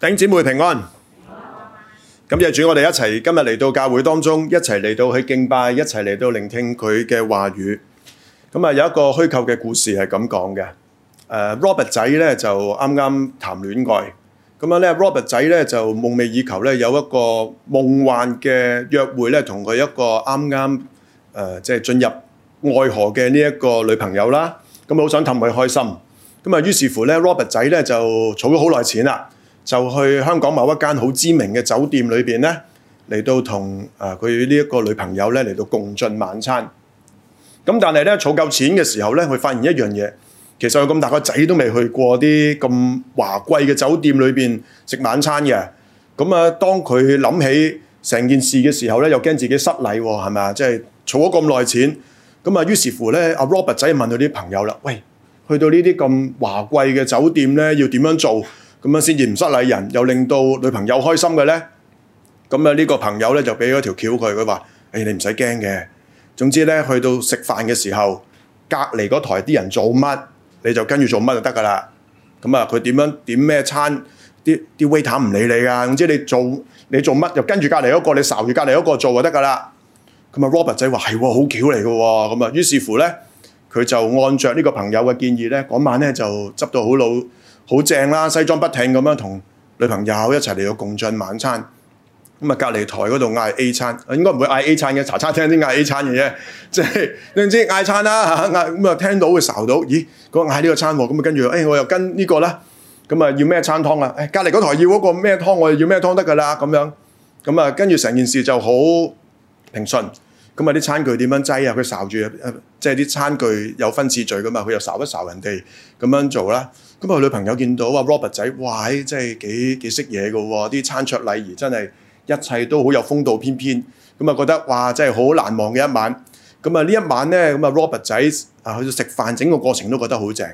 頂姊妹平安，感謝主，我哋一齊今日嚟到教會當中，一齊嚟到去敬拜，一齊嚟到聆聽佢嘅話語。咁啊剛剛，有一個虛構嘅故事係咁講嘅。誒，Robert 仔咧就啱啱談戀愛，咁啊咧 Robert 仔咧就夢寐以求咧有一個夢幻嘅約會咧，同佢一個啱啱誒即係進入愛河嘅呢一個女朋友啦。咁啊好想氹佢開心。咁啊於是乎咧 Robert 仔咧就儲咗好耐錢啦。就去香港某一間好知名嘅酒店裏邊咧，嚟到同啊佢呢一個女朋友咧嚟到共進晚餐。咁但係咧儲夠錢嘅時候咧，佢發現一樣嘢，其實佢咁大個仔都未去過啲咁華貴嘅酒店裏邊食晚餐嘅。咁啊，當佢諗起成件事嘅時候咧，又驚自己失禮喎，係咪啊？即係儲咗咁耐錢，咁啊，於是乎咧，阿 Robert 仔問佢啲朋友啦：「喂，去到呢啲咁華貴嘅酒店咧，要點樣做？咁樣先至唔失禮人，又令到女朋友開心嘅咧。咁啊，呢個朋友咧就俾咗條橋佢，佢話：誒你唔使驚嘅。總之咧，去到食飯嘅時候，隔離嗰台啲人做乜，你就跟住做乜就得噶啦。咁啊，佢點樣點咩餐？啲啲 waiter 唔理你啊。總之你做你做乜，就跟住隔離嗰個，你睄住隔離嗰個做就得噶啦。咁啊，Robert 仔話係喎，好橋嚟嘅喎。咁啊，於是乎咧，佢就按著呢個朋友嘅建議咧，嗰晚咧就執到好老。好正啦！西裝不停咁樣同女朋友一齊嚟到共進晚餐。咁啊，隔離台嗰度嗌 A 餐，應該唔會嗌 A 餐嘅茶餐廳先嗌 A 餐嘅啫。即係你唔知嗌餐啦，嗌咁啊、嗯，聽到會嘈到。咦，佢嗌呢個餐喎，咁啊跟住誒、哎、我又跟呢個啦。咁啊要咩餐湯啊？誒隔離嗰台要嗰個咩湯，我又要咩湯得噶啦咁樣。咁啊跟住成件事就好平順。咁啊啲餐具點樣擠啊？佢嘈住即係啲餐具有分次序噶嘛，佢又嘈一嘈人哋咁樣做啦。咁啊，女朋友見到啊 Robert 仔，哇，真係幾幾識嘢嘅喎，啲餐桌禮儀真係一切都好有風度翩翩。咁啊，覺得哇，真係好難忘嘅一晚。咁啊，呢一晚咧，咁啊 Robert 仔啊去到食飯，整個過程都覺得好正。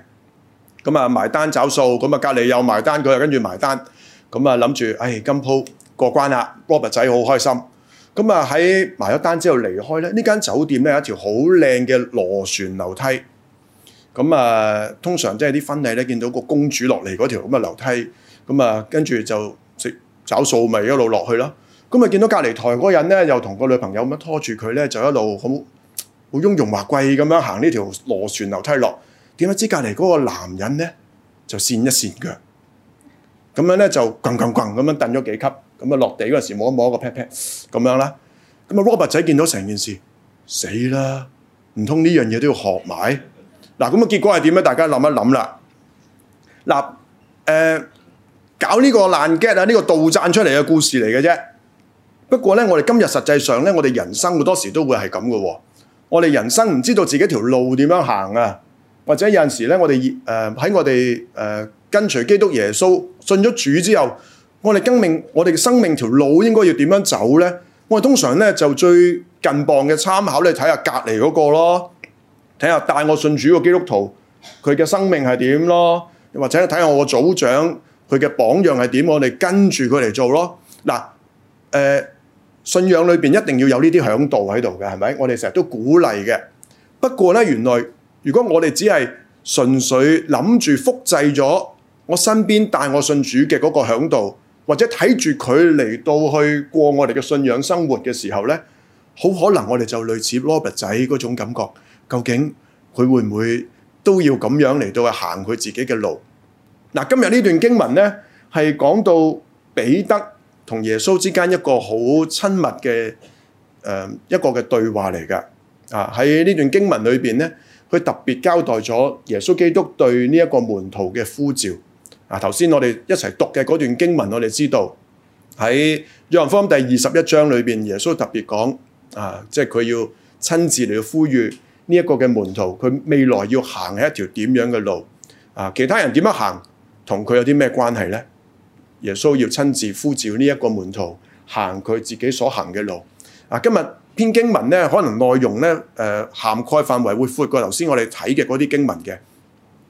咁啊，埋單找數，咁啊隔離又埋單，佢又跟住埋單。咁啊，諗住唉，今鋪過關啦！Robert 仔好開心。咁啊喺埋咗單之後離開咧，呢間酒店咧有一條好靚嘅螺旋樓梯。咁啊，通常即係啲婚禮咧，見到個公主落嚟嗰條咁嘅樓梯，咁啊，跟住就食找數咪一路落去咯。咁啊，見到隔離台嗰人咧，又同個女朋友咁樣拖住佢咧，就一路好好雍容華貴咁樣行呢條螺旋樓梯落。點不知隔離嗰個男人咧，就跣一跣腳咁樣咧就滾滾滾咁樣蹬咗幾級，咁啊落地嗰時摸一摸個 pat pat 咁樣啦。咁啊，Robert 仔見到成件事死啦，唔通呢樣嘢都要學埋？嗱、那、咁、個、結果係點咧？大家諗一諗啦。嗱、呃，搞呢個爛 g e 啊，呢、這個杜撰出嚟嘅故事嚟嘅啫。不過呢，我哋今日實際上呢，我哋人生好多時都會係這嘅喎、哦。我哋人生唔知道自己條路點樣行或者有時時咧，我哋喺、呃、我哋、呃、跟隨基督耶穌信咗主之後，我哋命，我們生命條路應該要點樣走呢？我哋通常呢，就最近傍嘅參考你睇下隔離嗰個咯。睇下帶我信主嘅基督徒，佢嘅生命係點咯？又或者睇下我個組長，佢嘅榜樣係點？我哋跟住佢嚟做咯。嗱，誒，信仰裏邊一定要有呢啲響度喺度嘅，係咪？我哋成日都鼓勵嘅。不過咧，原來如果我哋只係純粹諗住複製咗我身邊帶我信主嘅嗰個響度，或者睇住佢嚟到去過我哋嘅信仰生活嘅時候咧，好可能我哋就類似 Robert 仔嗰種感覺。究竟佢會唔會都要咁樣嚟到去行佢自己嘅路？嗱，今日呢段經文咧，係講到彼得同耶穌之間一個好親密嘅誒、呃、一個嘅對話嚟㗎。啊，喺呢段經文裏邊咧，佢特別交代咗耶穌基督對呢一個門徒嘅呼召。啊，頭先我哋一齊讀嘅嗰段經文，我哋知道喺約翰福音第二十一章裏邊，耶穌特別講啊，即係佢要親自嚟呼籲。呢一個嘅門徒，佢未來要行係一條點樣嘅路啊？其他人點樣行，同佢有啲咩關係呢？耶穌要親自呼召呢一個門徒，行佢自己所行嘅路。啊，今日篇經文咧，可能內容咧，誒涵蓋範圍會闊過頭先我哋睇嘅嗰啲經文嘅。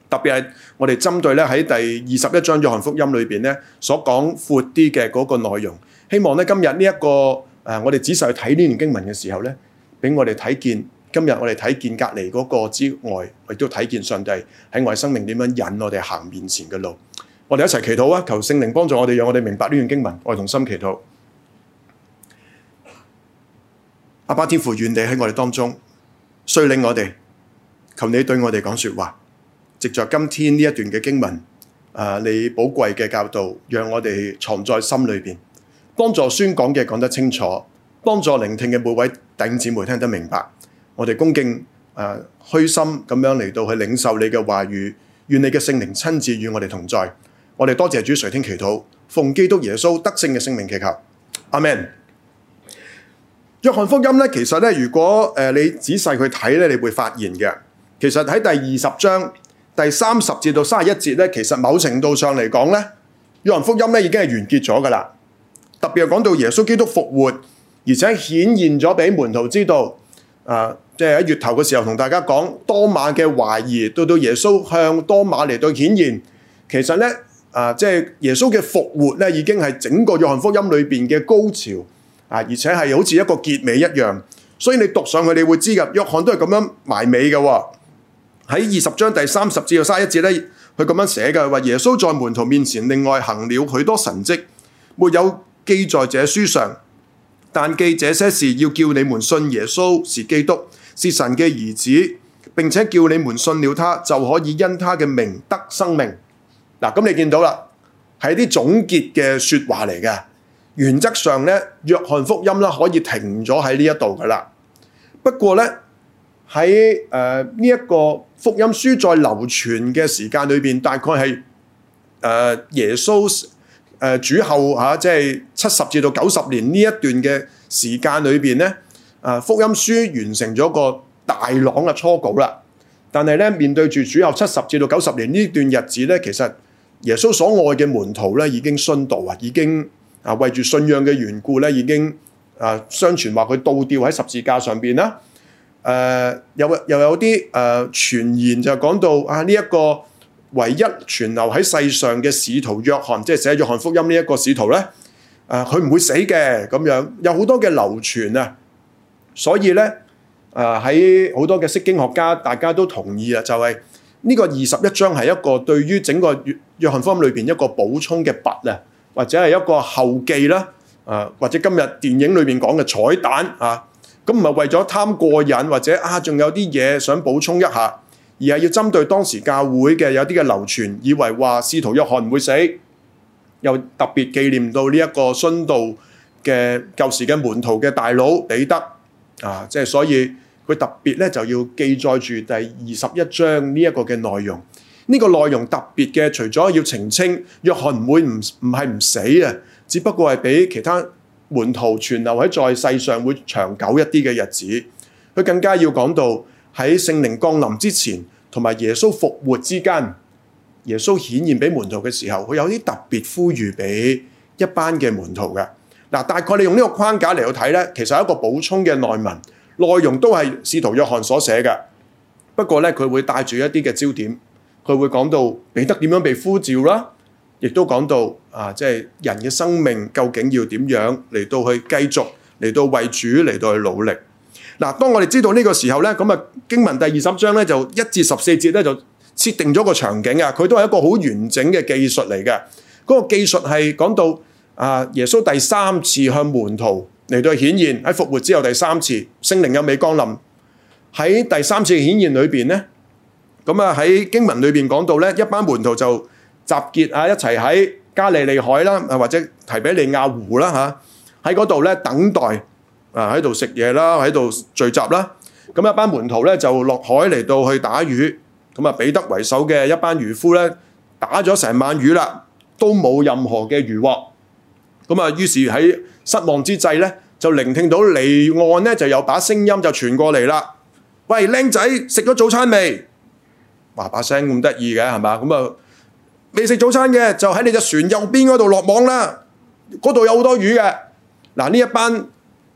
特別係我哋針對咧喺第二十一章約翰福音裏邊咧所講闊啲嘅嗰個內容，希望咧今日呢一個誒我哋仔細去睇呢段經文嘅時候咧，俾我哋睇見。今日我哋睇見隔籬嗰個之外，我亦都睇見上帝喺我哋生命點樣引我哋行面前嘅路。我哋一齊祈禱啊！求聖靈幫助我哋，讓我哋明白呢段經文。我同心祈禱，阿爸天父願你喺我哋當中，率領我哋。求你對我哋講說話，藉着今天呢一段嘅經文，誒、啊，你寶貴嘅教導，讓我哋藏在心裏邊，幫助宣講嘅講得清楚，幫助聆聽嘅每位弟兄姊妹聽得明白。我哋恭敬、誒、呃、虛心咁樣嚟到去領受你嘅話語，願你嘅聖靈親自與我哋同在。我哋多謝主垂聽祈禱，奉基督耶穌得勝嘅聖名祈求。阿門。約翰福音咧，其實咧，如果你，呃、你仔細去睇咧，你會發現嘅，其實喺第二十章第三十節到三十一節咧，其實某程度上嚟講咧，約翰福音咧已經係完結咗噶啦。特別係講到耶穌基督復活，而且顯現咗俾門徒知道，呃即係喺月頭嘅時候同大家講多馬嘅懷疑，到到耶穌向多馬嚟到顯現，其實呢，啊，即係耶穌嘅復活呢，已經係整個約翰福音裏面嘅高潮啊，而且係好似一個結尾一樣。所以你讀上去，你會知噶，約翰都係咁樣埋尾嘅喎。喺二十章第三十至到卅一節呢，佢咁樣寫嘅話，耶穌在門徒面前另外行了許多神迹，沒有記在這書上，但記這些事要叫你們信耶穌是基督。是神嘅兒子，並且叫你們信了他，就可以因他嘅名得生命。嗱、啊，咁你見到啦，係啲總結嘅説話嚟嘅。原則上咧，約翰福音啦可以停咗喺呢一度噶啦。不過咧，喺誒呢一個福音書再流傳嘅時間裏邊，大概係誒、呃、耶穌誒、呃、主後嚇，即係七十至到九十年呢一段嘅時間裏邊咧。啊！福音書完成咗個大朗嘅初稿啦，但係咧面對住主後七十至到九十年呢段日子咧，其實耶穌所愛嘅門徒咧已經殉道啊，已經啊為住信仰嘅緣故咧已經啊相傳話佢倒吊喺十字架上邊啦。誒、啊、又又有啲誒傳言就講到啊呢一、這個唯一存留喺世上嘅使徒約翰，即係寫約翰福音呢一個使徒咧，誒佢唔會死嘅咁樣，有好多嘅流傳啊！所以咧，誒喺好多嘅釋經學家，大家都同意啊，就係呢個二十一章係一個對於整個約約翰福音裏邊一個補充嘅筆啊，或者係一個後記啦，誒或者今日電影裏邊講嘅彩蛋啊，咁唔係為咗貪過癮或者啊，仲有啲嘢想補充一下，而係要針對當時教會嘅有啲嘅流傳，以為話司徒約翰唔會死，又特別紀念到呢一個殉道嘅舊時嘅門徒嘅大佬彼得。啊！即係所以佢特別咧，就要記載住第二十一章呢一個嘅內容。呢個內容特別嘅，除咗要澄清約翰唔會唔唔係唔死啊，只不過係比其他門徒存留喺在世上會長久一啲嘅日子。佢更加要講到喺聖靈降臨之前，同埋耶穌復活之間，耶穌顯現俾門徒嘅時候，佢有啲特別呼籲俾一班嘅門徒嘅。嗱，大概你用呢個框架嚟到睇咧，其實係一個補充嘅內文，內容都係使徒約翰所寫嘅。不過咧，佢會帶住一啲嘅焦點，佢會講到彼得點樣被呼召啦，亦都講到啊，即係人嘅生命究竟要點樣嚟到去繼續嚟到為主嚟到去努力。嗱，當我哋知道呢個時候咧，咁啊經文第二十章咧就一至十四節咧就設定咗個場景啊，佢都係一個好完整嘅技術嚟嘅。嗰個技術係講到。啊！耶穌第三次向門徒嚟到顯現喺復活之後第三次聖靈嘅美降臨喺第三次顯現裏邊咧，咁啊喺經文裏邊講到咧，一班門徒就集結啊一齊喺加利利海啦啊或者提比利亞湖啦嚇喺嗰度咧等待啊喺度食嘢啦喺度聚集啦咁一班門徒咧就落海嚟到去打魚咁啊彼得為首嘅一班漁夫咧打咗成晚魚啦都冇任何嘅漁獲。咁啊！於是喺失望之際呢，就聆聽到離岸呢，就有把聲音就傳過嚟喇。喂，靚仔，食咗早餐未？哇！把聲咁得意嘅係嘛？咁啊，未食早餐嘅就喺你隻船右邊嗰度落網啦。嗰度有好多魚嘅。嗱、啊，呢一班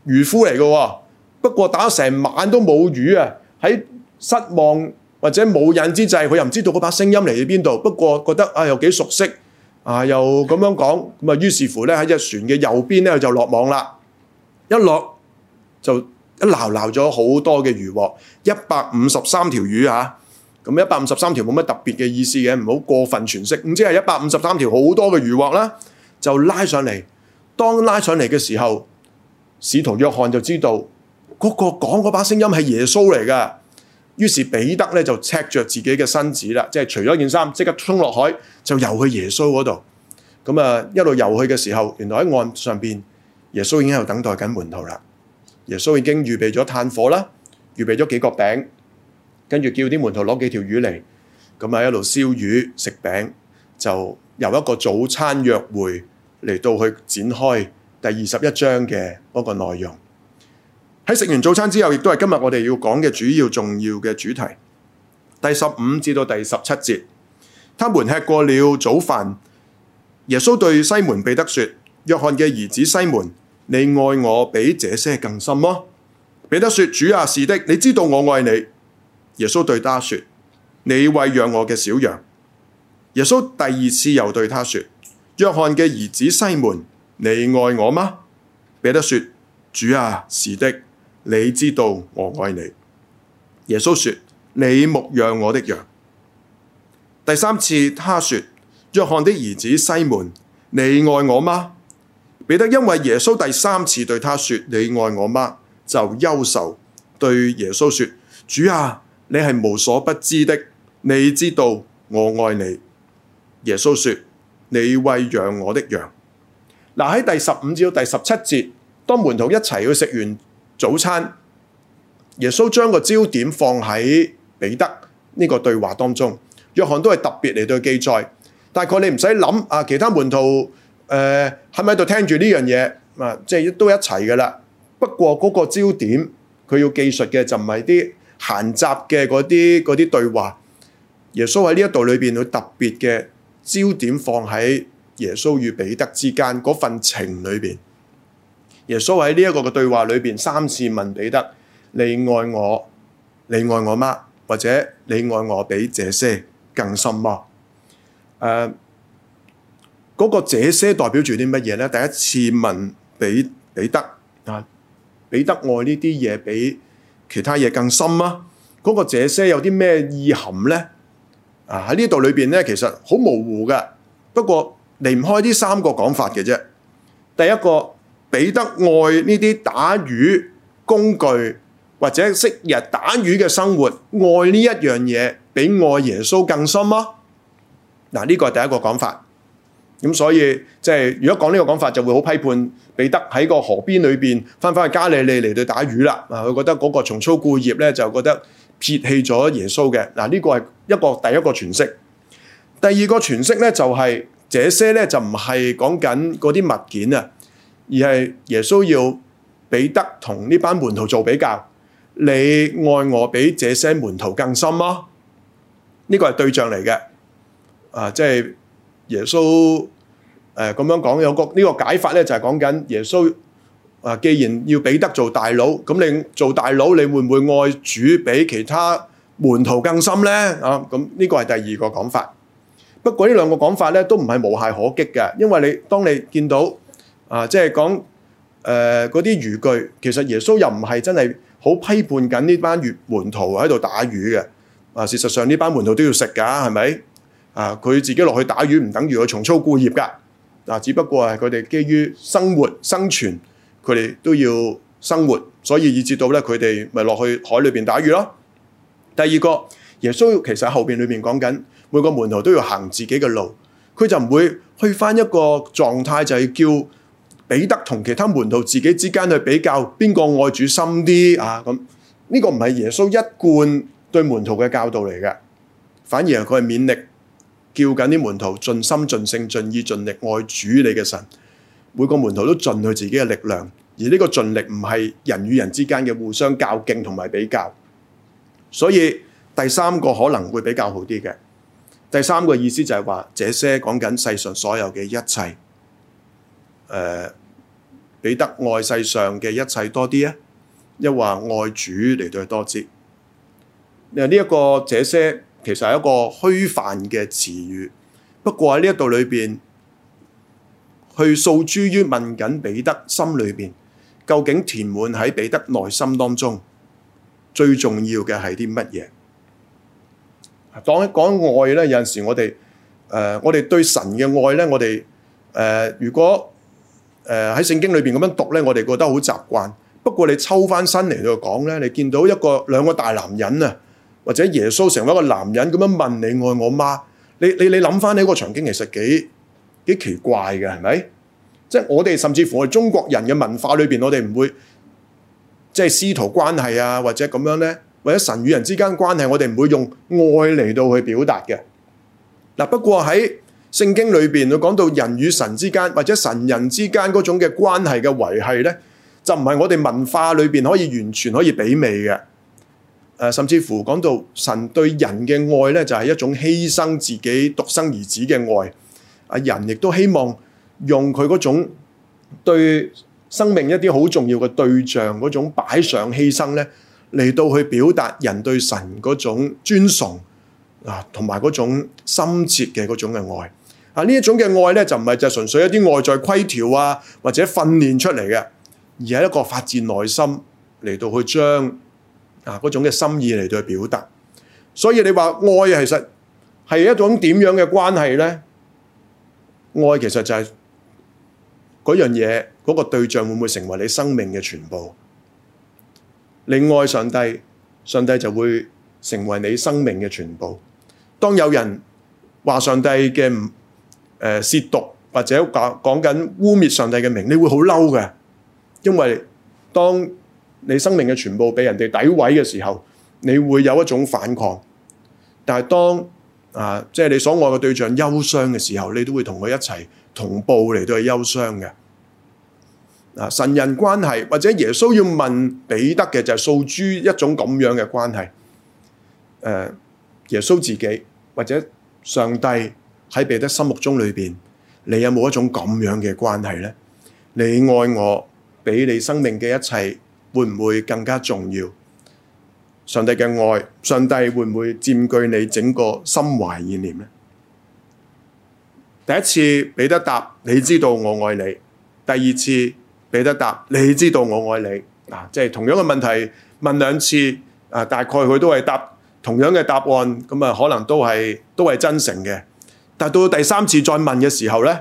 漁夫嚟嘅喎，不過打成晚都冇魚啊。喺失望或者冇癮之際，佢又唔知道嗰把聲音嚟咗邊度，不過覺得啊、哎、又幾熟悉。啊！又咁樣講，咁啊，於是乎咧喺隻船嘅右邊咧就落網啦，一落就一撈撈咗好多嘅魚獲，一百五十三條魚嚇，咁一百五十三條冇乜特別嘅意思嘅，唔好過分詮釋。總之係一百五十三條好多嘅魚獲啦，就拉上嚟。當拉上嚟嘅時候，使徒約翰就知道嗰個講嗰把聲音係耶穌嚟㗎。於是彼得咧就赤着自己嘅身子啦，即係除咗件衫，即刻衝落海就游去耶穌嗰度。咁、嗯、啊一路游去嘅時候，原來喺岸上邊耶穌已經喺度等待緊門徒啦。耶穌已經預備咗炭火啦，預備咗幾個餅，跟住叫啲門徒攞幾條魚嚟，咁、嗯、啊一路燒魚食餅，就由一個早餐約會嚟到去展開第二十一章嘅嗰個內容。喺食完早餐之後，亦都係今日我哋要講嘅主要重要嘅主題，第十五至到第十七節，他們吃過了早飯，耶穌對西門彼得說：約翰嘅兒子西門，你愛我比這些更深嗎？彼得說：主啊，是的，你知道我愛你。耶穌對他說：你餵養我嘅小羊。耶穌第二次又對他說：約翰嘅兒子西門，你愛我嗎？彼得說：主啊，是的。你知道我愛你。耶穌說：你牧養我的羊。第三次，他說：約翰的兒子西門，你愛我嗎？彼得因為耶穌第三次對他說：你愛我嗎？就憂愁，對耶穌說：主啊，你係無所不知的，你知道我愛你。耶穌說：你餵養我的羊。嗱喺第十五至到第十七節，當門徒一齊去食完，早餐，耶穌將個焦點放喺彼得呢個對話當中，約翰都係特別嚟到記載。大概你唔使諗啊，其他門徒誒係咪喺度聽住呢樣嘢啊？即係都一齊嘅啦。不過嗰個焦點，佢要記述嘅就唔係啲閒雜嘅嗰啲嗰啲對話。耶穌喺呢一度裏邊，會特別嘅焦點放喺耶穌與彼得之間嗰份情裏邊。耶穌喺呢一個嘅對話裏邊，三次問彼得：你愛我？你愛我嗎？或者你愛我比這些更深嗎、啊？誒、啊，嗰個這些代表住啲乜嘢咧？第一次問比彼得啊，彼得愛呢啲嘢比其他嘢更深嗎、啊？嗰個這些有啲咩意涵咧？啊喺呢度裏邊咧，其實好模糊嘅，不過離唔開呢三個講法嘅啫。第一個。彼得愛呢啲打魚工具或者昔日打魚嘅生活，愛呢一樣嘢比愛耶穌更深嗎？嗱，呢個係第一個講法。咁所以即係、就是、如果講呢個講法，就會好批判彼得喺個河邊裏邊翻返去加利利嚟到打魚啦。啊，佢覺得嗰個重操故業呢，就覺得撇棄咗耶穌嘅。嗱，呢個係一個第一個詮釋。第二個詮釋呢，就係這些呢，就唔係講緊嗰啲物件啊。而係耶穌要彼得同呢班門徒做比較，你愛我比這些門徒更深嗎？呢個係對象嚟嘅，啊，即係耶穌誒咁樣講，有個呢個解法咧就係講緊耶穌啊，既然要彼得做大佬，咁你做大佬你會唔會愛主比其他門徒更深咧？啊，咁呢個係第二個講法。不過呢兩個講法咧都唔係無懈可擊嘅，因為你當你見到。啊，即係講誒嗰啲漁具，其實耶穌又唔係真係好批判緊呢班月門徒喺度打魚嘅。啊，事實上呢班門徒都要食㗎，係咪？啊，佢自己落去打魚唔等於佢重操故業㗎。嗱、啊，只不過係佢哋基於生活生存，佢哋都要生活，所以以至到咧佢哋咪落去海裏邊打魚咯。第二個，耶穌其實後邊裏面講緊每個門徒都要行自己嘅路，佢就唔會去翻一個狀態，就係、是、叫。彼得同其他門徒自己之間去比較，邊個愛主深啲啊？咁呢個唔係耶穌一貫對門徒嘅教導嚟嘅，反而佢係勉力，叫緊啲門徒盡心盡性盡意盡力愛主你嘅神。每個門徒都盡佢自己嘅力量，而呢個盡力唔係人與人之間嘅互相較勁同埋比較。所以第三個可能會比較好啲嘅，第三個意思就係話，這些講緊世上所有嘅一切，誒、呃。彼得愛世上嘅一切多啲啊，抑或愛主嚟到多啲？誒，呢一個這些其實係一個虛泛嘅詞語。不過喺呢一度裏邊，去訴諸於問緊彼得心裏邊，究竟填滿喺彼得內心當中最重要嘅係啲乜嘢？講一講愛咧，有陣時我哋誒，我哋對神嘅愛咧，我哋誒、呃，如果誒喺聖經裏邊咁樣讀呢，我哋覺得好習慣。不過你抽翻身嚟去講呢，你見到一個兩個大男人啊，或者耶穌成為一個男人咁樣問你愛我媽，你你你諗翻呢個場景，其實幾幾奇怪嘅，係咪？即係我哋甚至乎係中國人嘅文化裏邊，我哋唔會即係師徒關係啊，或者咁樣呢，或者神與人之間關係，我哋唔會用愛嚟到去表達嘅。嗱，不過喺聖經裏邊佢講到人與神之間或者神人之間嗰種嘅關係嘅維繫咧，就唔係我哋文化裏邊可以完全可以媲美嘅。誒，甚至乎講到神對人嘅愛咧，就係一種犧牲自己獨生兒子嘅愛。啊，人亦都希望用佢嗰種對生命一啲好重要嘅對象嗰種擺上犧牲咧，嚟到去表達人對神嗰種尊崇啊，同埋嗰種深切嘅嗰種嘅愛。啊！呢一種嘅愛咧，就唔係就純粹一啲外在規條啊，或者訓練出嚟嘅，而係一個發自內心嚟到去將啊嗰種嘅心意嚟到去表達。所以你話愛其實係一種點樣嘅關係咧？愛其實就係嗰樣嘢，嗰、嗰個對象會唔會成為你生命嘅全部？你愛上帝，上帝就會成為你生命嘅全部。當有人話上帝嘅唔～誒，褻瀆或者講講緊污衊上帝嘅名，你會好嬲嘅。因為當你生命嘅全部俾人哋詆毀嘅時候，你會有一種反抗。但係當啊，即係你所愛嘅對象憂傷嘅時候，你都會同佢一齊同步嚟到去憂傷嘅。啊，神人關係或者耶穌要問彼得嘅就係訴諸一種咁樣嘅關係。誒，耶穌自己或者上帝。喺彼得心目中裏邊，你有冇一種咁樣嘅關係呢？你愛我，比你生命嘅一切，會唔會更加重要？上帝嘅愛，上帝會唔會佔據你整個心懷意念呢？第一次彼得答：你知道我愛你。第二次彼得答：你知道我愛你。啊即係、同樣嘅問題問兩次啊，大概佢都係答同樣嘅答案，可能都係都係真誠嘅。但到第三次再問嘅時候呢，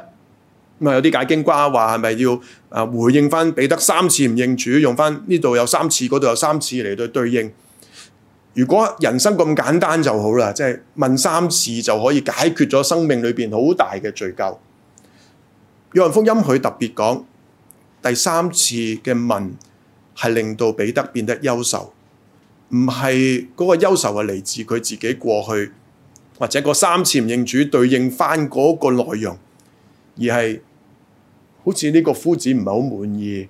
咁有啲解經瓜話係咪要回應翻彼得三次唔認主，用翻呢度有三次，嗰度有三次嚟對應。如果人生咁簡單就好啦，即係問三次就可以解決咗生命裏面好大嘅罪疚。約翰福音佢特別講第三次嘅問係令到彼得變得優秀，唔係嗰個優秀係嚟自佢自己過去。或者個三次認主對應翻嗰個內容，而係好似呢個夫子唔係好滿意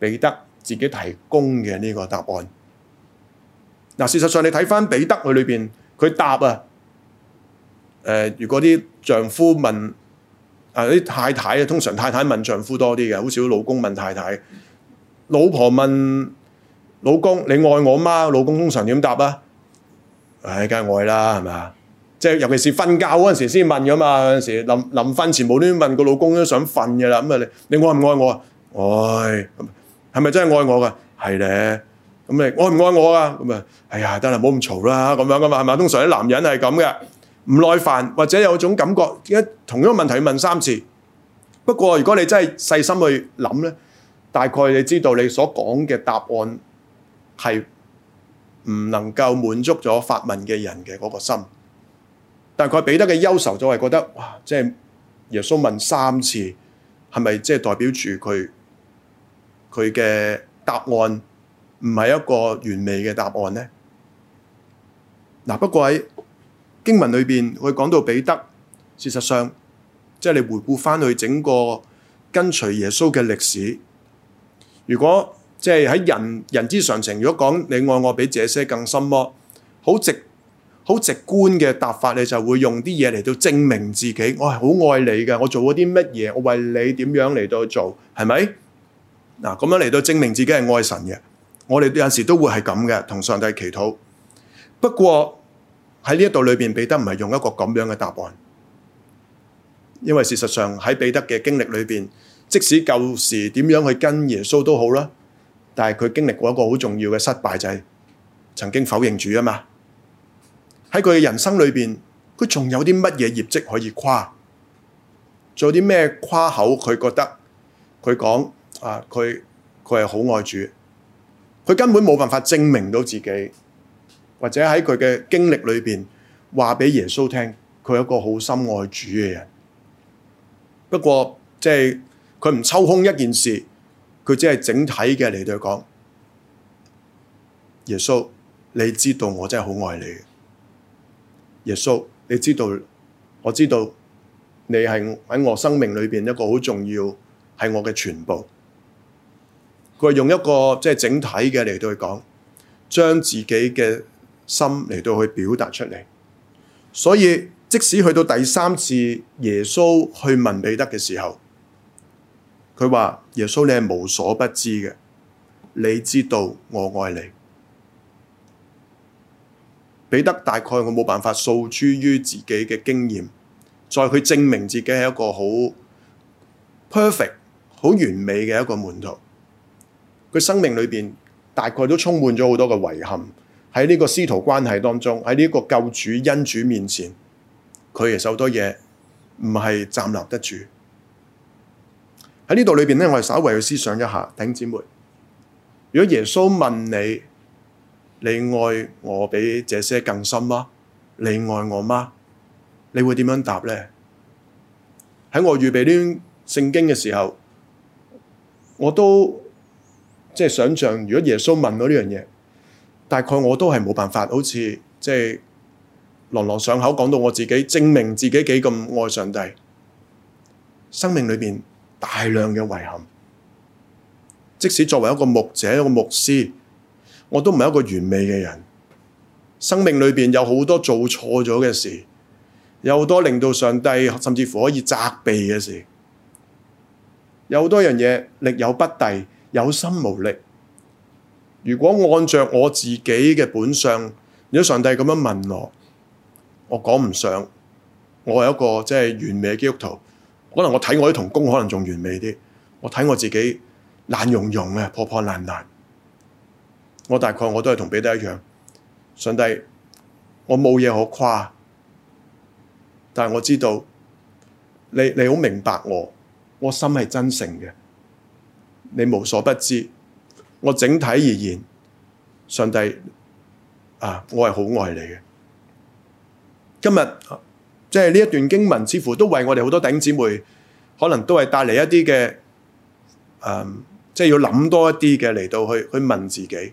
彼得自己提供嘅呢個答案。嗱，事實上你睇翻彼得佢裏面，佢答啊、呃，如果啲丈夫問啲、呃、太太啊，通常太太問丈夫多啲嘅，好少老公問太太。老婆問老公你愛我嗎？老公通常點答啊？唉，梗係愛啦，係咪啊？即係尤其是瞓覺嗰陣時先問噶嘛，嗰陣時臨臨瞓前無端端問個老公都想瞓嘅啦，咁啊你你愛唔愛我？愛係咪真係愛我㗎？係咧，咁你愛唔愛我啊？咁啊，哎呀，得啦，唔好咁嘈啦，咁樣噶嘛，係咪？通常啲男人係咁嘅，唔耐煩或者有種感覺，點解同樣問題問三次。不過如果你真係細心去諗咧，大概你知道你所講嘅答案係唔能夠滿足咗發問嘅人嘅嗰個心。但佢彼得嘅憂愁就係覺得，哇！即係耶穌問三次，係咪即係代表住佢佢嘅答案唔係一個完美嘅答案咧？嗱，不過喺經文裏邊，會講到彼得，事實上即係你回顧翻去整個跟隨耶穌嘅歷史，如果即係喺人人之常情，如果講你愛我比這些更深麼？好直好直觀嘅答法，你就會用啲嘢嚟到證明自己，我係好愛你嘅。我做咗啲乜嘢？我為你點樣嚟到做？係咪？嗱咁樣嚟到證明自己係愛神嘅。我哋有陣時都會係咁嘅，同上帝祈禱。不過喺呢一度裏邊，彼得唔係用一個咁樣嘅答案，因為事實上喺彼得嘅經歷裏邊，即使舊時點樣去跟耶穌都好啦，但係佢經歷過一個好重要嘅失敗，就係曾經否認主啊嘛。喺佢嘅人生裏面，佢仲有啲乜嘢業績可以誇？做啲咩誇口？佢覺得佢講，啊、佢，佢係佢好愛主，佢根本冇辦法證明到自己，或者喺佢嘅經歷裏面話畀耶穌聽，佢係一個好深愛主嘅人。不過即係佢唔抽空一件事，佢只係整體嘅嚟對講耶穌，你知道我真係好愛你耶穌，你知道，我知道你係喺我生命裏邊一個好重要的，係我嘅全部。佢用一個即係整體嘅嚟到講，將自己嘅心嚟到去表達出嚟。所以即使去到第三次耶穌去問彼得嘅時候，佢話耶穌你係無所不知嘅，你知道我愛你。俾得大概我冇辦法訴諸於自己嘅經驗，再去證明自己係一個好 perfect、好完美嘅一個門徒。佢生命裏邊大概都充滿咗好多嘅遺憾，喺呢個師徒關係當中，喺呢個救主恩主面前，佢其實好多嘢，唔係站立得住。喺呢度裏邊咧，我哋稍微去思想一下，弟兄姊妹，如果耶穌問你，你愛我比這些更深嗎？你愛我嗎？你會點樣答呢？喺我預備呢段聖經嘅時候，我都即係想象，如果耶穌問我呢樣嘢，大概我都係冇辦法，好似即係朗朗上口講到我自己，證明自己幾咁愛上帝。生命裏面大量嘅遺憾，即使作為一個牧者、一個牧師。我都唔係一個完美嘅人，生命裏面有好多做錯咗嘅事，有好多令到上帝甚至乎可以責備嘅事，有好多樣嘢力有不逮，有心無力。如果按照我自己嘅本相，如果上帝咁樣問我，我講唔上。我係一個即係完美的基督徒，可能我睇我啲同工可能仲完美啲，我睇我自己爛融融嘅破破爛爛。.我大概我都係同彼得一樣，上帝，我冇嘢可誇，但我知道，你你好明白我，我心係真誠嘅，你無所不知，我整體而言，上帝，啊，我係好愛你嘅。今日即係呢一段經文，似乎都為我哋好多弟兄姊妹，可能都係帶嚟一啲嘅，嗯，即係要諗多一啲嘅嚟到去去問自己。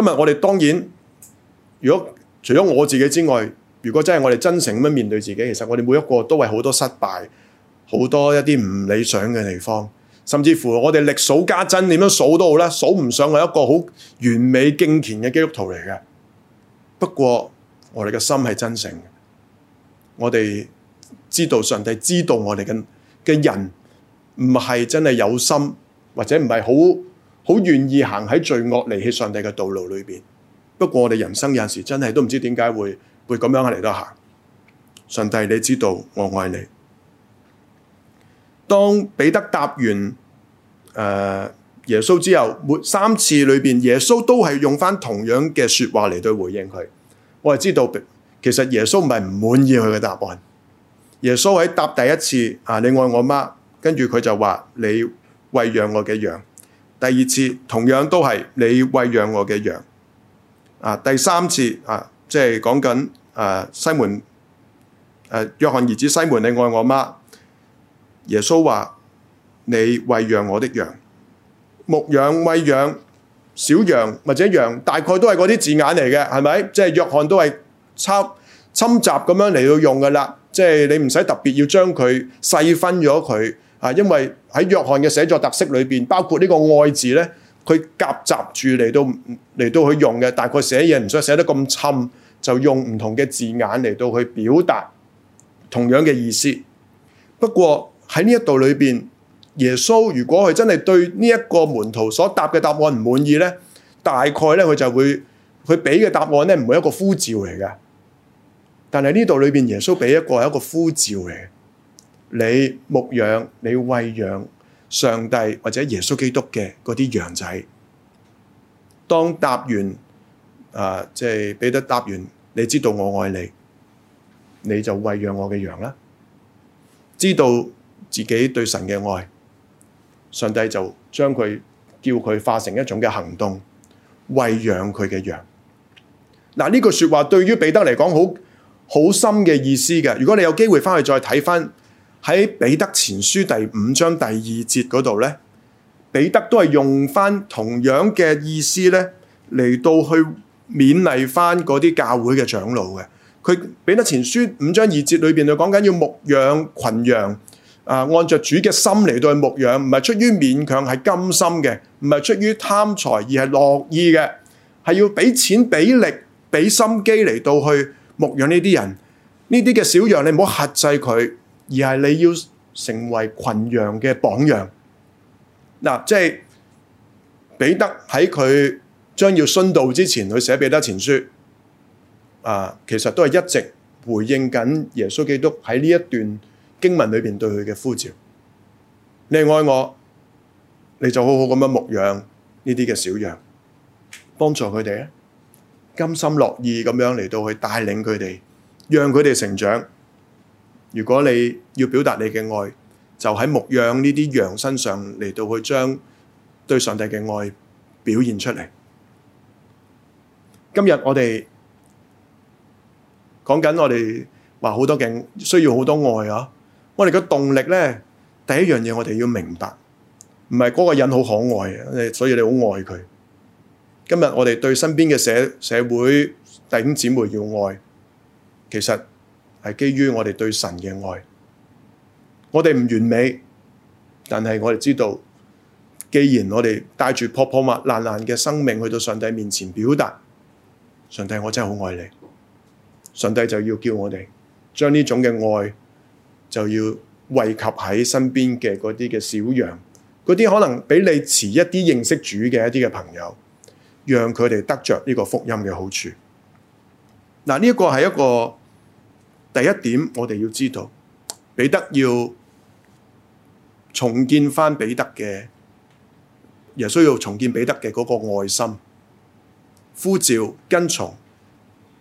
今日我哋當然，如果除咗我自己之外，如果真係我哋真誠咁樣面對自己，其實我哋每一個都係好多失敗，好多一啲唔理想嘅地方，甚至乎我哋力數家珍，點樣數都好啦，數唔上係一個好完美敬虔嘅基督徒嚟嘅。不過我哋嘅心係真誠嘅，我哋知道上帝知道我哋嘅嘅人唔係真係有心，或者唔係好，好願意行喺罪惡離棄上帝嘅道路裏邊。不過，我哋人生有陣時真係都唔知點解會會咁樣嚟度行。上帝，你知道我愛你。當彼得答完、呃、耶穌之後，每三次裏邊，耶穌都係用翻同樣嘅説話嚟對回應佢。我係知道其實耶穌唔係唔滿意佢嘅答案。耶穌喺答第一次啊，你愛我嗎？跟住佢就話你喂養我嘅羊。第二次同樣都係你餵養我嘅羊。啊第三次啊即係講緊啊西門誒、啊、約翰兒子西門你愛我嗎？耶穌話你餵養我的羊。牧養、餵養小羊或者羊，大概都係嗰啲字眼嚟嘅，係咪？即係約翰都係抄侵襲咁樣嚟到用㗎啦，即係你唔使特別要將佢細分咗佢。啊，因為喺約翰嘅寫作特色裏邊，包括呢個愛字咧，佢夾雜住嚟到嚟到去用嘅，大概寫嘢唔想寫得咁沉，就用唔同嘅字眼嚟到去表達同樣嘅意思。不過喺呢一度裏邊，耶穌如果佢真係對呢一個門徒所答嘅答案唔滿意咧，大概咧佢就會佢俾嘅答案咧唔會一個呼召嚟嘅。但係呢度裏邊耶穌俾一個係一個呼召嚟嘅。你牧養你餵養上帝或者耶穌基督嘅嗰啲羊仔，當答完啊，即係彼得答完，你知道我愛你，你就餵養我嘅羊啦。知道自己對神嘅愛，上帝就將佢叫佢化成一種嘅行動，餵養佢嘅羊。嗱，呢句說話對於彼得嚟講好好深嘅意思嘅，如果你有機會翻去再睇翻。喺彼得前書第五章第二節嗰度呢，彼得都係用翻同樣嘅意思呢嚟到去勉勵翻嗰啲教會嘅長老嘅。佢彼得前書五章二節裏邊就講緊要牧養群羊，啊，按著主嘅心嚟到去牧養，唔係出於勉強，係甘心嘅，唔係出於貪財而係樂意嘅，係要俾錢、俾力、俾心機嚟到去牧養呢啲人，呢啲嘅小羊，你唔好轄制佢。而係你要成為群羊嘅榜樣，嗱，即係彼得喺佢將要殉道之前，去寫彼得前書啊，其實都係一直回應緊耶穌基督喺呢一段經文裏邊對佢嘅呼召。你愛我，你就好好咁樣牧養呢啲嘅小羊，幫助佢哋啊，甘心樂意咁樣嚟到去帶領佢哋，讓佢哋成長。如果你要表達你嘅愛，就喺牧養呢啲羊身上嚟到去將對上帝嘅愛表現出嚟。今日我哋講緊我哋話好多嘅需要好多愛啊！我哋嘅動力咧，第一樣嘢我哋要明白，唔係嗰個人好可愛啊，所以你好愛佢。今日我哋對身邊嘅社社會弟兄姊妹要愛，其實。係基於我哋對神嘅愛，我哋唔完美，但係我哋知道，既然我哋帶住破破物爛爛嘅生命去到上帝面前表達，上帝我真係好愛你，上帝就要叫我哋將呢種嘅愛就要惠及喺身邊嘅嗰啲嘅小羊，嗰啲可能比你遲一啲認識主嘅一啲嘅朋友，讓佢哋得着呢個福音嘅好處。嗱，呢一個係一個。第一點，我哋要知道彼得要重建翻彼得嘅，亦需要重建彼得嘅嗰個愛心、呼召、跟從。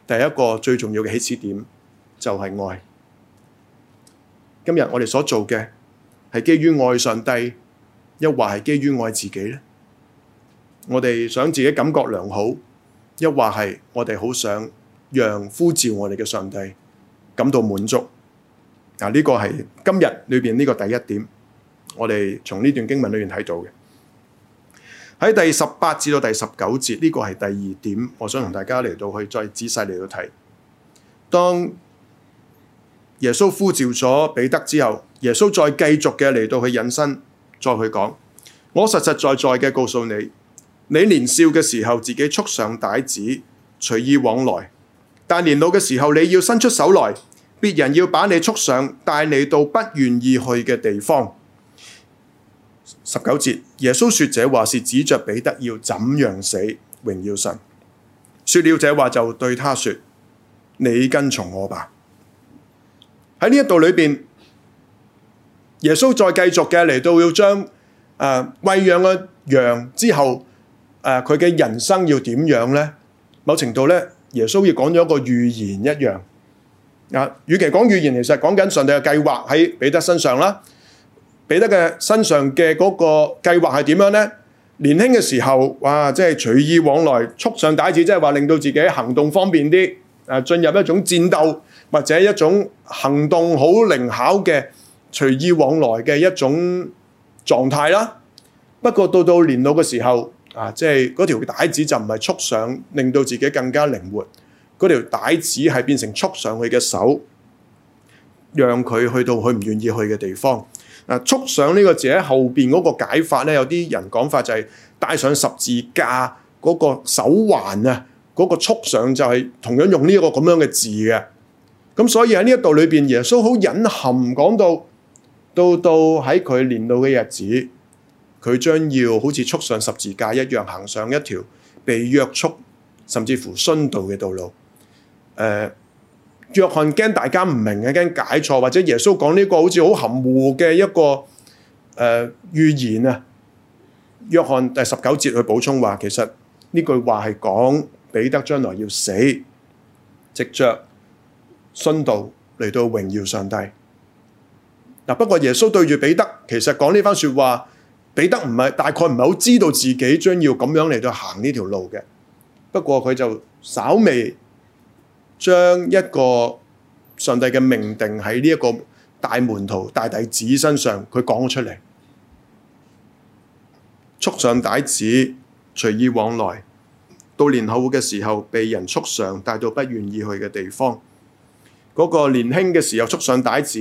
第一個最重要嘅起始點就係愛。今日我哋所做嘅係基於愛上帝，抑或係基於愛自己咧？我哋想自己感覺良好，抑或係我哋好想讓呼召我哋嘅上帝，感到滿足，嗱、這、呢個係今日裏邊呢個第一點，我哋從呢段經文裏面睇到嘅。喺第十八至到第十九節，呢、呢個係第二點，我想同大家嚟到去再仔細嚟到睇。當耶穌呼召咗彼得之後，耶穌再繼續嘅嚟到去引申，再去講：我實實在在嘅告訴你，你年少嘅時候自己束上帶子，隨意往來；但年老嘅時候，你要伸出手來。別人要把你束上，帶你到不願意去嘅地方。十九節，耶穌說這話是指着彼得要怎樣死，榮耀神。說了這話就對他說：你跟從我吧。喺呢一度裏邊，耶穌再繼續嘅嚟到要將誒、呃、餵養嘅羊之後，誒佢嘅人生要點樣咧？某程度咧，耶穌要講咗一個預言一樣。啊，與其講預言，其實講緊上帝嘅計劃喺彼得身上啦。彼得嘅身上嘅嗰個計劃係點樣呢？年輕嘅時候，哇，即係隨意往來，束上帶子，即係話令到自己行動方便啲，啊，進入一種戰鬥或者一種行動好靈巧嘅隨意往來嘅一種狀態啦。不過到到年老嘅時候，啊，即係嗰條帶子就唔係束上，令到自己更加靈活。嗰條帶子係變成束上佢嘅手，讓佢去到佢唔願意去嘅地方。啊，束上呢個字喺後邊嗰個解法咧，有啲人講法就係戴上十字架嗰個手環啊，嗰個束上就係同樣用呢一個咁樣嘅字嘅。咁所以喺呢一度裏面，耶穌好隱含講到，到到喺佢年老嘅日子，佢將要好似束上十字架一樣行上一條被約束甚至乎殉道嘅道路。誒、呃，約翰驚大家唔明啊，驚解錯或者耶穌講呢個好似好含糊嘅一個誒、呃、預言啊。約翰第十九節去補充話，其實呢句話係講彼得將來要死，藉着殉道嚟到榮耀上帝。嗱、啊，不過耶穌對住彼得，其實講呢番說話，彼得唔係大概唔係好知道自己將要咁樣嚟到行呢條路嘅，不過佢就稍微。將一個上帝嘅命定喺呢一個大門徒大弟子身上，佢講咗出嚟。束上帶子，隨意往來。到年後嘅時候，被人束上帶到不願意去嘅地方。嗰、那個年輕嘅時候束上帶子，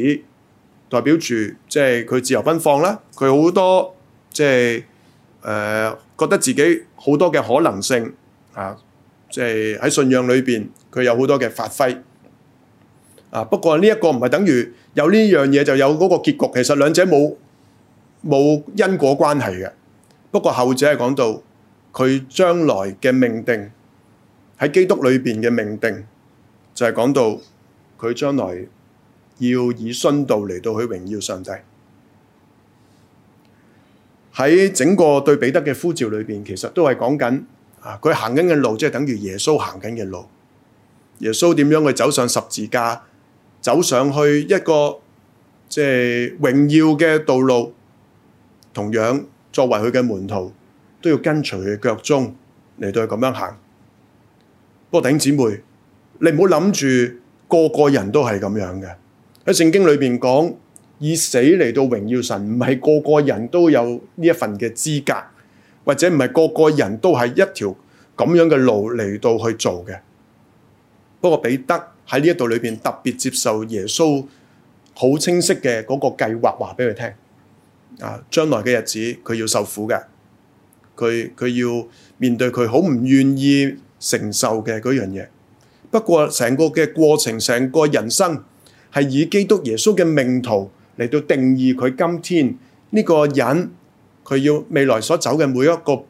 代表住即係佢自由奔放啦。佢好多即係誒覺得自己好多嘅可能性啊，即係喺信仰裏邊。佢有好多嘅發揮啊！不過呢一個唔係等於有呢樣嘢就有嗰個結局，其實兩者冇冇因果關係嘅。不過後者係講到佢將來嘅命定喺基督裏邊嘅命定，就係講到佢將來要以殉道嚟到去榮耀上帝。喺整個對彼得嘅呼召裏邊，其實都係講緊啊！佢行緊嘅路，即係等於耶穌行緊嘅路。耶穌點樣去走上十字架，走上去一個即係榮耀嘅道路，同樣作為佢嘅門徒都要跟隨佢腳蹤嚟到佢咁樣行。不過弟兄姊妹，你唔好諗住個個人都係咁樣嘅。喺聖經裏邊講以死嚟到榮耀神，唔係個個人都有呢一份嘅資格，或者唔係個個人都係一條咁樣嘅路嚟到去做嘅。嗰個彼得喺呢一度裏邊特別接受耶穌好清晰嘅嗰個計劃，話俾佢聽啊，將來嘅日子佢要受苦嘅，佢佢要面對佢好唔願意承受嘅嗰樣嘢。不過成個嘅過程，成個人生係以基督耶穌嘅命途嚟到定義。佢今天呢個人，佢要未來所走嘅每一個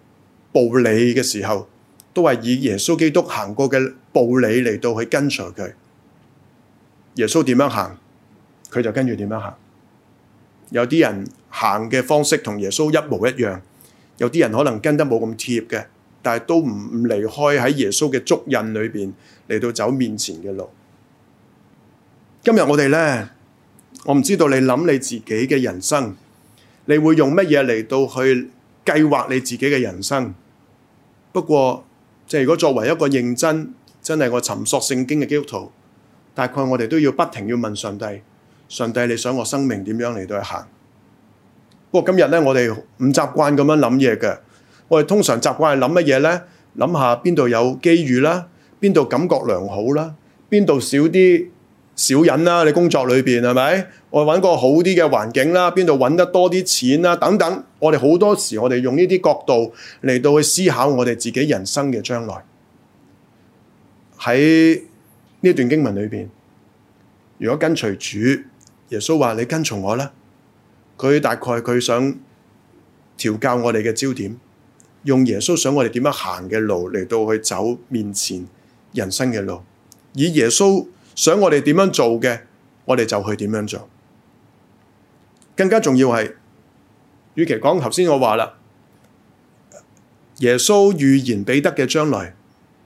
步履嘅時候，都係以耶穌基督行過嘅步你嚟到去跟隨佢，耶穌點樣行，佢就跟住點樣行。有啲人行嘅方式同耶穌一模一樣，有啲人可能跟得冇咁貼嘅，但係都唔離開喺耶穌嘅足印裏邊嚟到走面前嘅路。今日我哋呢，我唔知道你諗你自己嘅人生，你會用乜嘢嚟到去計劃你自己嘅人生？不過即係如果作為一個認真。真係我尋索聖經嘅基督徒，大概我哋都要不停要問上帝：上帝你想我生命點樣嚟到去行？不過今日咧，我哋唔習慣咁樣諗嘢嘅。我哋通常習慣係諗乜嘢咧？諗下邊度有機遇啦，邊度感覺良好啦，邊度少啲小人啦、啊。你工作裏面係咪？我揾個好啲嘅環境啦，邊度搵得多啲錢啦、啊，等等。我哋好多時，我哋用呢啲角度嚟到去思考我哋自己人生嘅將來。喺呢段經文裏邊，如果跟隨主，耶穌話，你跟隨我啦。佢大概佢想調教我哋嘅焦點，用耶穌想我哋點樣行嘅路嚟到去走面前人生嘅路，以耶穌想我哋點樣做嘅，我哋就去點樣做。更加重要係，與其講頭先我話啦，耶穌預言彼得嘅將來。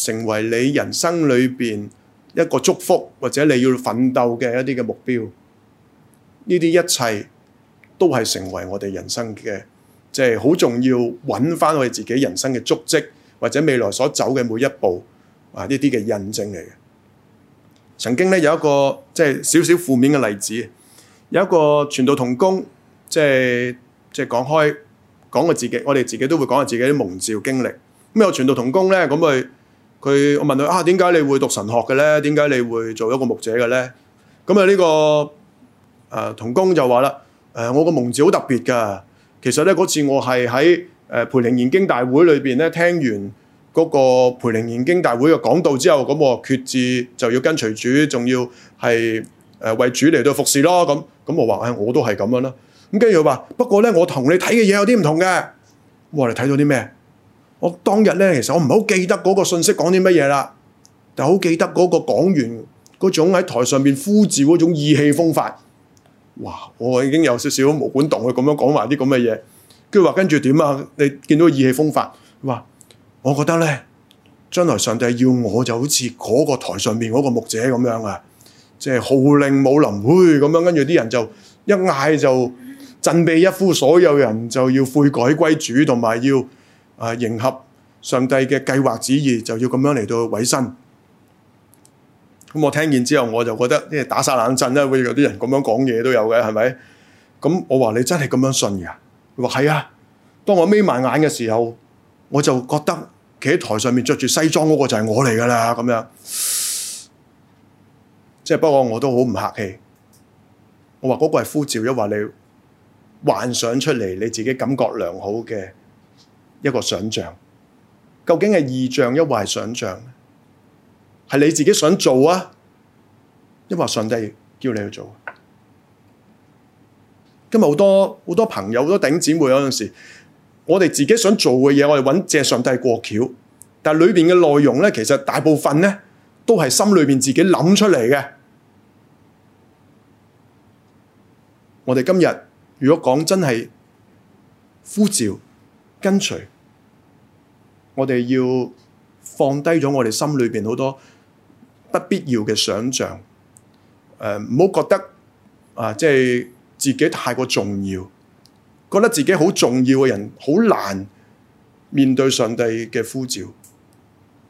成為你人生裏邊一個祝福，或者你要奮鬥嘅一啲嘅目標，呢啲一切都係成為我哋人生嘅，即係好重要，揾翻我哋自己人生嘅足跡，或者未來所走嘅每一步啊，呢啲嘅印證嚟嘅。曾經咧有一個即係少少負面嘅例子，有一個傳道同工，即係即係講開講我自己，我哋自己都會講下自己啲蒙召經歷。咁有傳道同工咧，咁佢。佢我問佢啊，點解你會讀神學嘅咧？點解你會做一個牧者嘅咧？咁啊呢個誒、呃、同工就話啦，誒我個蒙召好特別㗎。其實咧，嗰次我係喺誒培靈研經大會裏邊咧聽完嗰個培靈研經大會嘅講道之後，咁我決志就要跟隨主，仲要係誒、呃、為主嚟到服侍咯。咁咁我話誒、哎、我都係咁樣啦。咁跟住佢話，不過咧，我同你睇嘅嘢有啲唔同嘅。我話你睇到啲咩？我當日咧，其實我唔好記得嗰個信息講啲乜嘢啦，但好記得嗰個講員嗰種喺台上面呼召嗰種意氣風發。哇！我已經有少少毛管動，佢咁樣講埋啲咁嘅嘢，跟住話跟住點啊？你見到意氣風發，話我覺得咧，將來上帝要我就好似嗰個台上面嗰個牧者咁樣啊，即係號令武林，唉咁樣跟住啲人就一嗌就振臂一呼，所有人就要悔改歸主，同埋要。啊！迎合上帝嘅計劃旨意，就要咁樣嚟到委身。咁我聽完之後，我就覺得即係打晒冷震啦。會有啲人咁樣講嘢都有嘅，係咪？咁我話你真係咁樣信㗎？佢話係啊。當我眯埋眼嘅時候，我就覺得企喺台上面着住西裝嗰個就係我嚟㗎啦。咁樣即係、就是、不過我都好唔客氣。我話嗰個係呼召，抑或你幻想出嚟？你自己感覺良好嘅。一個想象，究竟係異象，亦或想象，係你自己想做啊，亦或上帝叫你去做？今日好多好多朋友，好多頂姊妹，有陣時我哋自己想做嘅嘢，我哋揾借上帝過橋，但係裏邊嘅內容咧，其實大部分咧都係心裏邊自己諗出嚟嘅。我哋今日如果講真係呼召。跟隨，我哋要放低咗我哋心裏邊好多不必要嘅想象，呃，唔好覺得啊，即係自己太過重要。覺得自己好重要嘅人，好難面對上帝嘅呼召，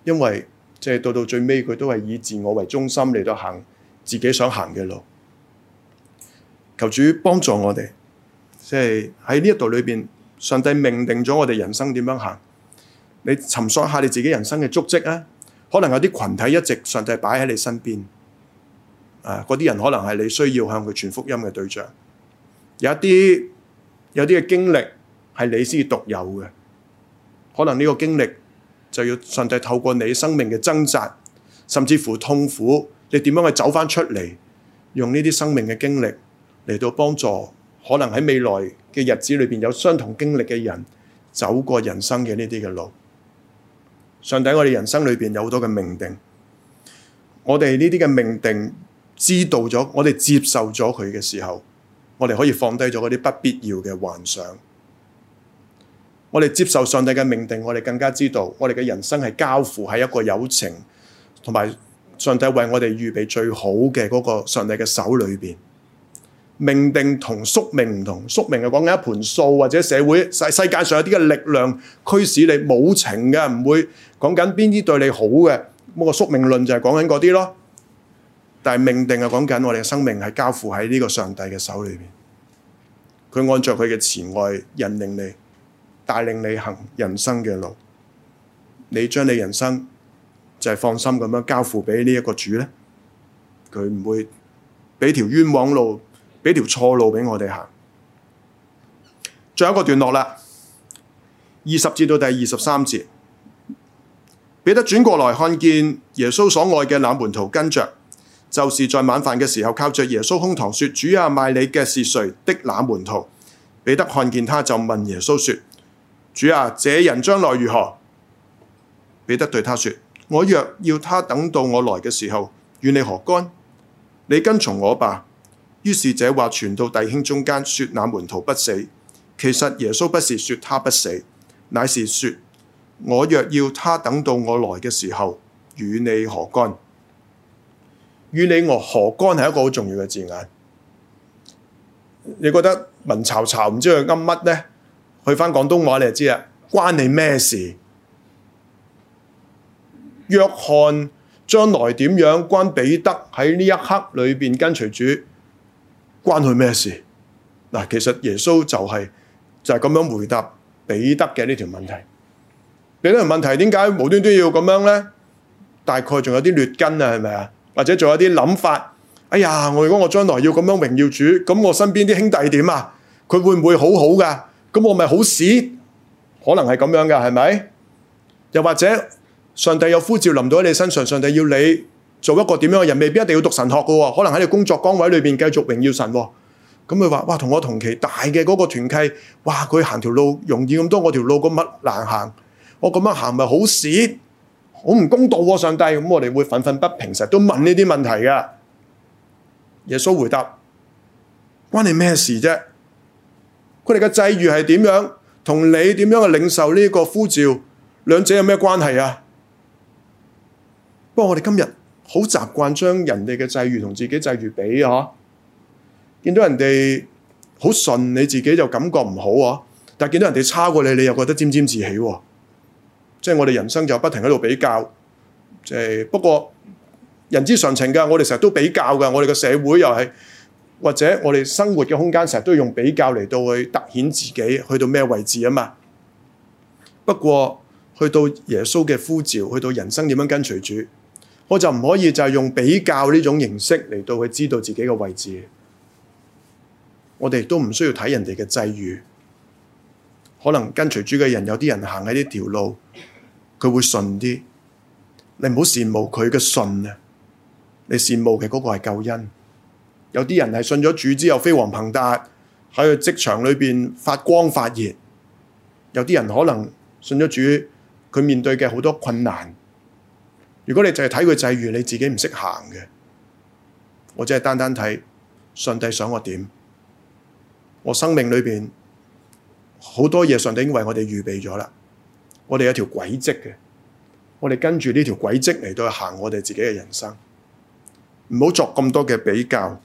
因為即係到到最尾，佢都係以自我為中心嚟到行自己想行嘅路，求主幫助我哋，即係喺呢一度裏邊。上帝命定咗我哋人生點樣行？你尋索下你自己人生嘅足迹啊，可能有啲群體一直上帝擺喺你身邊，啊，嗰啲人可能係你需要向佢傳福音嘅對象。有一啲有啲嘅經歷係你先獨有嘅，可能呢個經歷就要上帝透過你生命嘅掙扎，甚至乎痛苦，你點樣去走翻出嚟，用呢啲生命嘅經歷嚟到幫助，可能喺未來。嘅日子裏邊有相同經歷嘅人，走過人生嘅呢啲嘅路。上帝，我哋人生裏邊有好多嘅命定，我哋呢啲嘅命定知道咗，我哋接受咗佢嘅時候，我哋可以放低咗嗰啲不必要嘅幻想。我哋接受上帝嘅命定，我哋更加知道我哋嘅人生係交付喺一個友情，同埋上帝為我哋預備最好嘅嗰個上帝嘅手裏邊。命定同宿命唔同，宿命係講緊一盤數或者社會世世界上有啲嘅力量驅使你冇情嘅，唔會講緊邊啲對你好嘅。咁個宿命論就係講緊嗰啲咯。但係命定係講緊我哋嘅生命係交付喺呢個上帝嘅手裏邊，佢按照佢嘅慈愛引領你，帶領你行人生嘅路。你將你人生就係放心咁樣交付俾呢一個主咧，佢唔會俾條冤枉路。俾條錯路畀我哋行，最後一個段落啦，二十至到第二十三節。彼得轉過來看見耶穌所愛嘅那門徒跟着，就是在晚飯嘅時候靠着耶穌胸膛說：主啊，賣你嘅是誰的那門徒？彼得看見他就問耶穌說：主啊，這人將來如何？彼得對他說：我若要他等到我來嘅時候，與你何干？你跟從我吧。於是這話傳到弟兄中間，說那門徒不死。其實耶穌不是說他不死，乃是說：我若要他等到我來嘅時候，與你何干？與你我何干係一個好重要嘅字眼。你覺得文嘈嘈唔知佢噏乜呢？去返廣東話你就知啦，關你咩事？約翰將來點樣？關彼得喺呢一刻裏邊跟隨主？關佢咩事？嗱，其實耶穌就係就係咁樣回答彼得嘅呢條問題。彼得條問題點解無端端要咁樣咧？大概仲有啲劣根啊，係咪啊？或者仲有啲諗法？哎呀，我如果我將來要咁樣榮耀主，咁我身邊啲兄弟點啊？佢會唔會好好噶？咁我咪好屎？可能係咁樣噶，係咪？又或者上帝有呼召臨到喺你身上，上帝要你。做一個點樣嘅人，未必一定要讀神學的喎，可能喺你工作崗位裏邊繼續榮耀神喎。咁佢話，哇，同我同期大嘅嗰個團契，哇，佢行條路容易咁多，我條路咁難行，我咁樣行咪好蝕，好唔公道喎，上帝，咁我哋會憤憤不平時，實都問呢啲問題嘅。耶穌回答，關你咩事啫？佢哋嘅際遇係點樣，同你點樣去領受呢個呼召，兩者有咩關係啊？不過我哋今日好習慣將人哋嘅際遇同自己際遇比啊！見到人哋好順，你自己就感覺唔好啊！但見到人哋差過你，你又覺得沾沾自喜。即係啊，即係，我哋人生就不停喺度比較。誒、即係，不過人之常情㗎，我哋成日都比較㗎。我哋嘅社會又係，或者我哋生活嘅空間成日都要用比較嚟到去突顯自己去到咩位置啊嘛。不過去到耶穌嘅呼召，去到人生點樣跟隨主。我就唔可以就係用比較呢種形式嚟到去知道自己嘅位置。我哋都唔需要睇人哋嘅際遇。可能跟隨主嘅人有啲人行喺呢條路，佢會順啲。你唔好羨慕佢嘅順啊！你羨慕嘅嗰個係救恩。有啲人係信咗主之後飛黃騰達，喺個職場裏邊發光發熱。有啲人可能信咗主，佢面對嘅好多困難。如果你就係睇佢際遇，你自己唔識行嘅。我只係單單睇上帝想我點，我生命裏邊好多嘢，上帝已經為我哋預備咗啦。我哋有條軌迹嘅，我哋跟住呢條軌迹嚟到行我哋自己嘅人生，唔好作咁多嘅比較，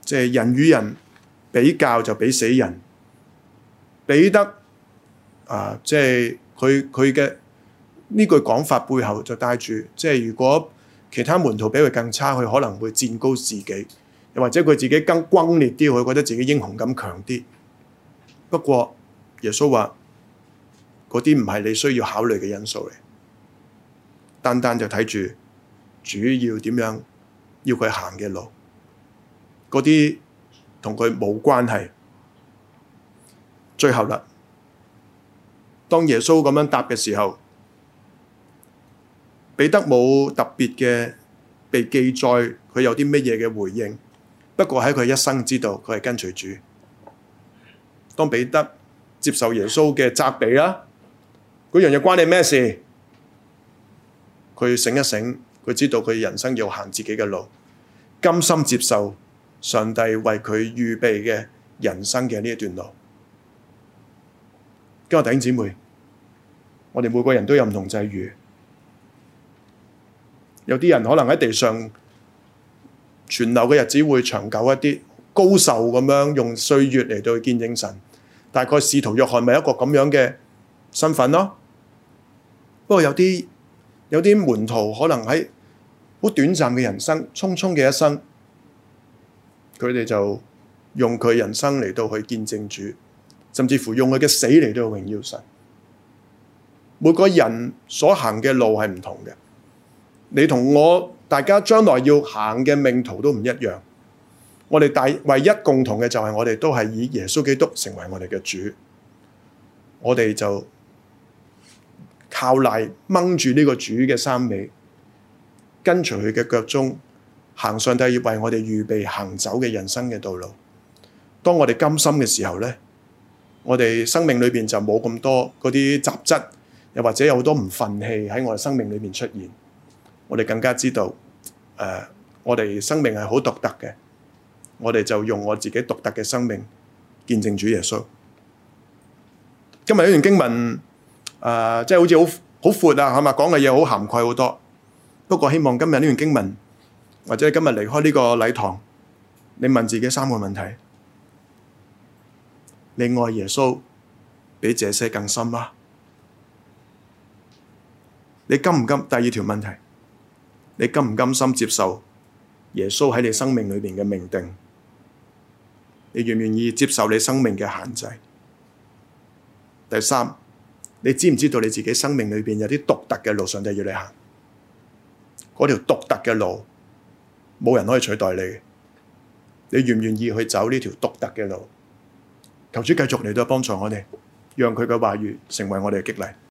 即係人與人比較就比死人，比得啊，即係佢佢嘅。呢句講法背後就帶住，即係如果其他門徒比佢更差，佢可能會墊高自己，又或者佢自己更轟烈啲，佢覺得自己英雄感強啲。不過耶穌話嗰啲唔係你需要考慮嘅因素嚟，單單就睇住主要點樣要佢行嘅路，嗰啲同佢冇關係。最後啦，當耶穌咁樣答嘅時候。彼得冇特別嘅被記載，佢有啲乜嘢嘅回應。不過喺佢一生之道，佢係跟隨主。當彼得接受耶穌嘅責備啦，嗰樣嘢關你咩事，佢醒一醒，佢知道佢人生要行自己嘅路，甘心接受上帝為佢預備嘅人生嘅呢一段路。今日弟兄姊妹，我哋每個人都有唔同際遇。有啲人可能喺地上存留嘅日子會長久一啲，高壽咁樣用歲月嚟到去見證神。大概使徒約翰咪一個咁樣嘅身份咯。不過有啲有啲門徒可能喺好短暫嘅人生、匆匆嘅一生，佢哋就用佢人生嚟到去見證主，甚至乎用佢嘅死嚟到榮耀神。每個人所行嘅路係唔同嘅。你同我大家將來要行嘅命途都唔一樣，我哋大唯一共同嘅就係我哋都係以耶穌基督成為我哋嘅主，我哋就靠賴掹住呢個主嘅衫尾，跟隨佢嘅腳蹤行，上帝要為我哋預備行走嘅人生嘅道路。當我哋甘心嘅時候呢，我哋生命裏面就冇咁多嗰啲雜質，又或者有好多唔憤氣喺我哋生命裏面出現。我哋更加知道，誒，我哋生命係好獨特嘅。我哋就用我自己獨特嘅生命見證主耶穌。今日呢段經文，誒，即係好似好好闊啊，係嘛？講嘅嘢好涵蓋好多。不過希望今日呢段經文，或者今日離開呢個禮堂，你問自己三個問題：你愛耶穌比這些更深嗎？你甘唔甘？第二條問題。你甘唔甘心接受耶穌喺你生命裏面嘅命定？你願唔願意接受你生命嘅限制？第三，你知唔知道你自己生命裏邊有啲獨特嘅路上帝要你行？嗰條獨特嘅路，冇人可以取代你。你願唔願意去走呢條獨特嘅路？求主繼續嚟都幫助我哋，讓佢嘅話語成為我哋嘅激勵。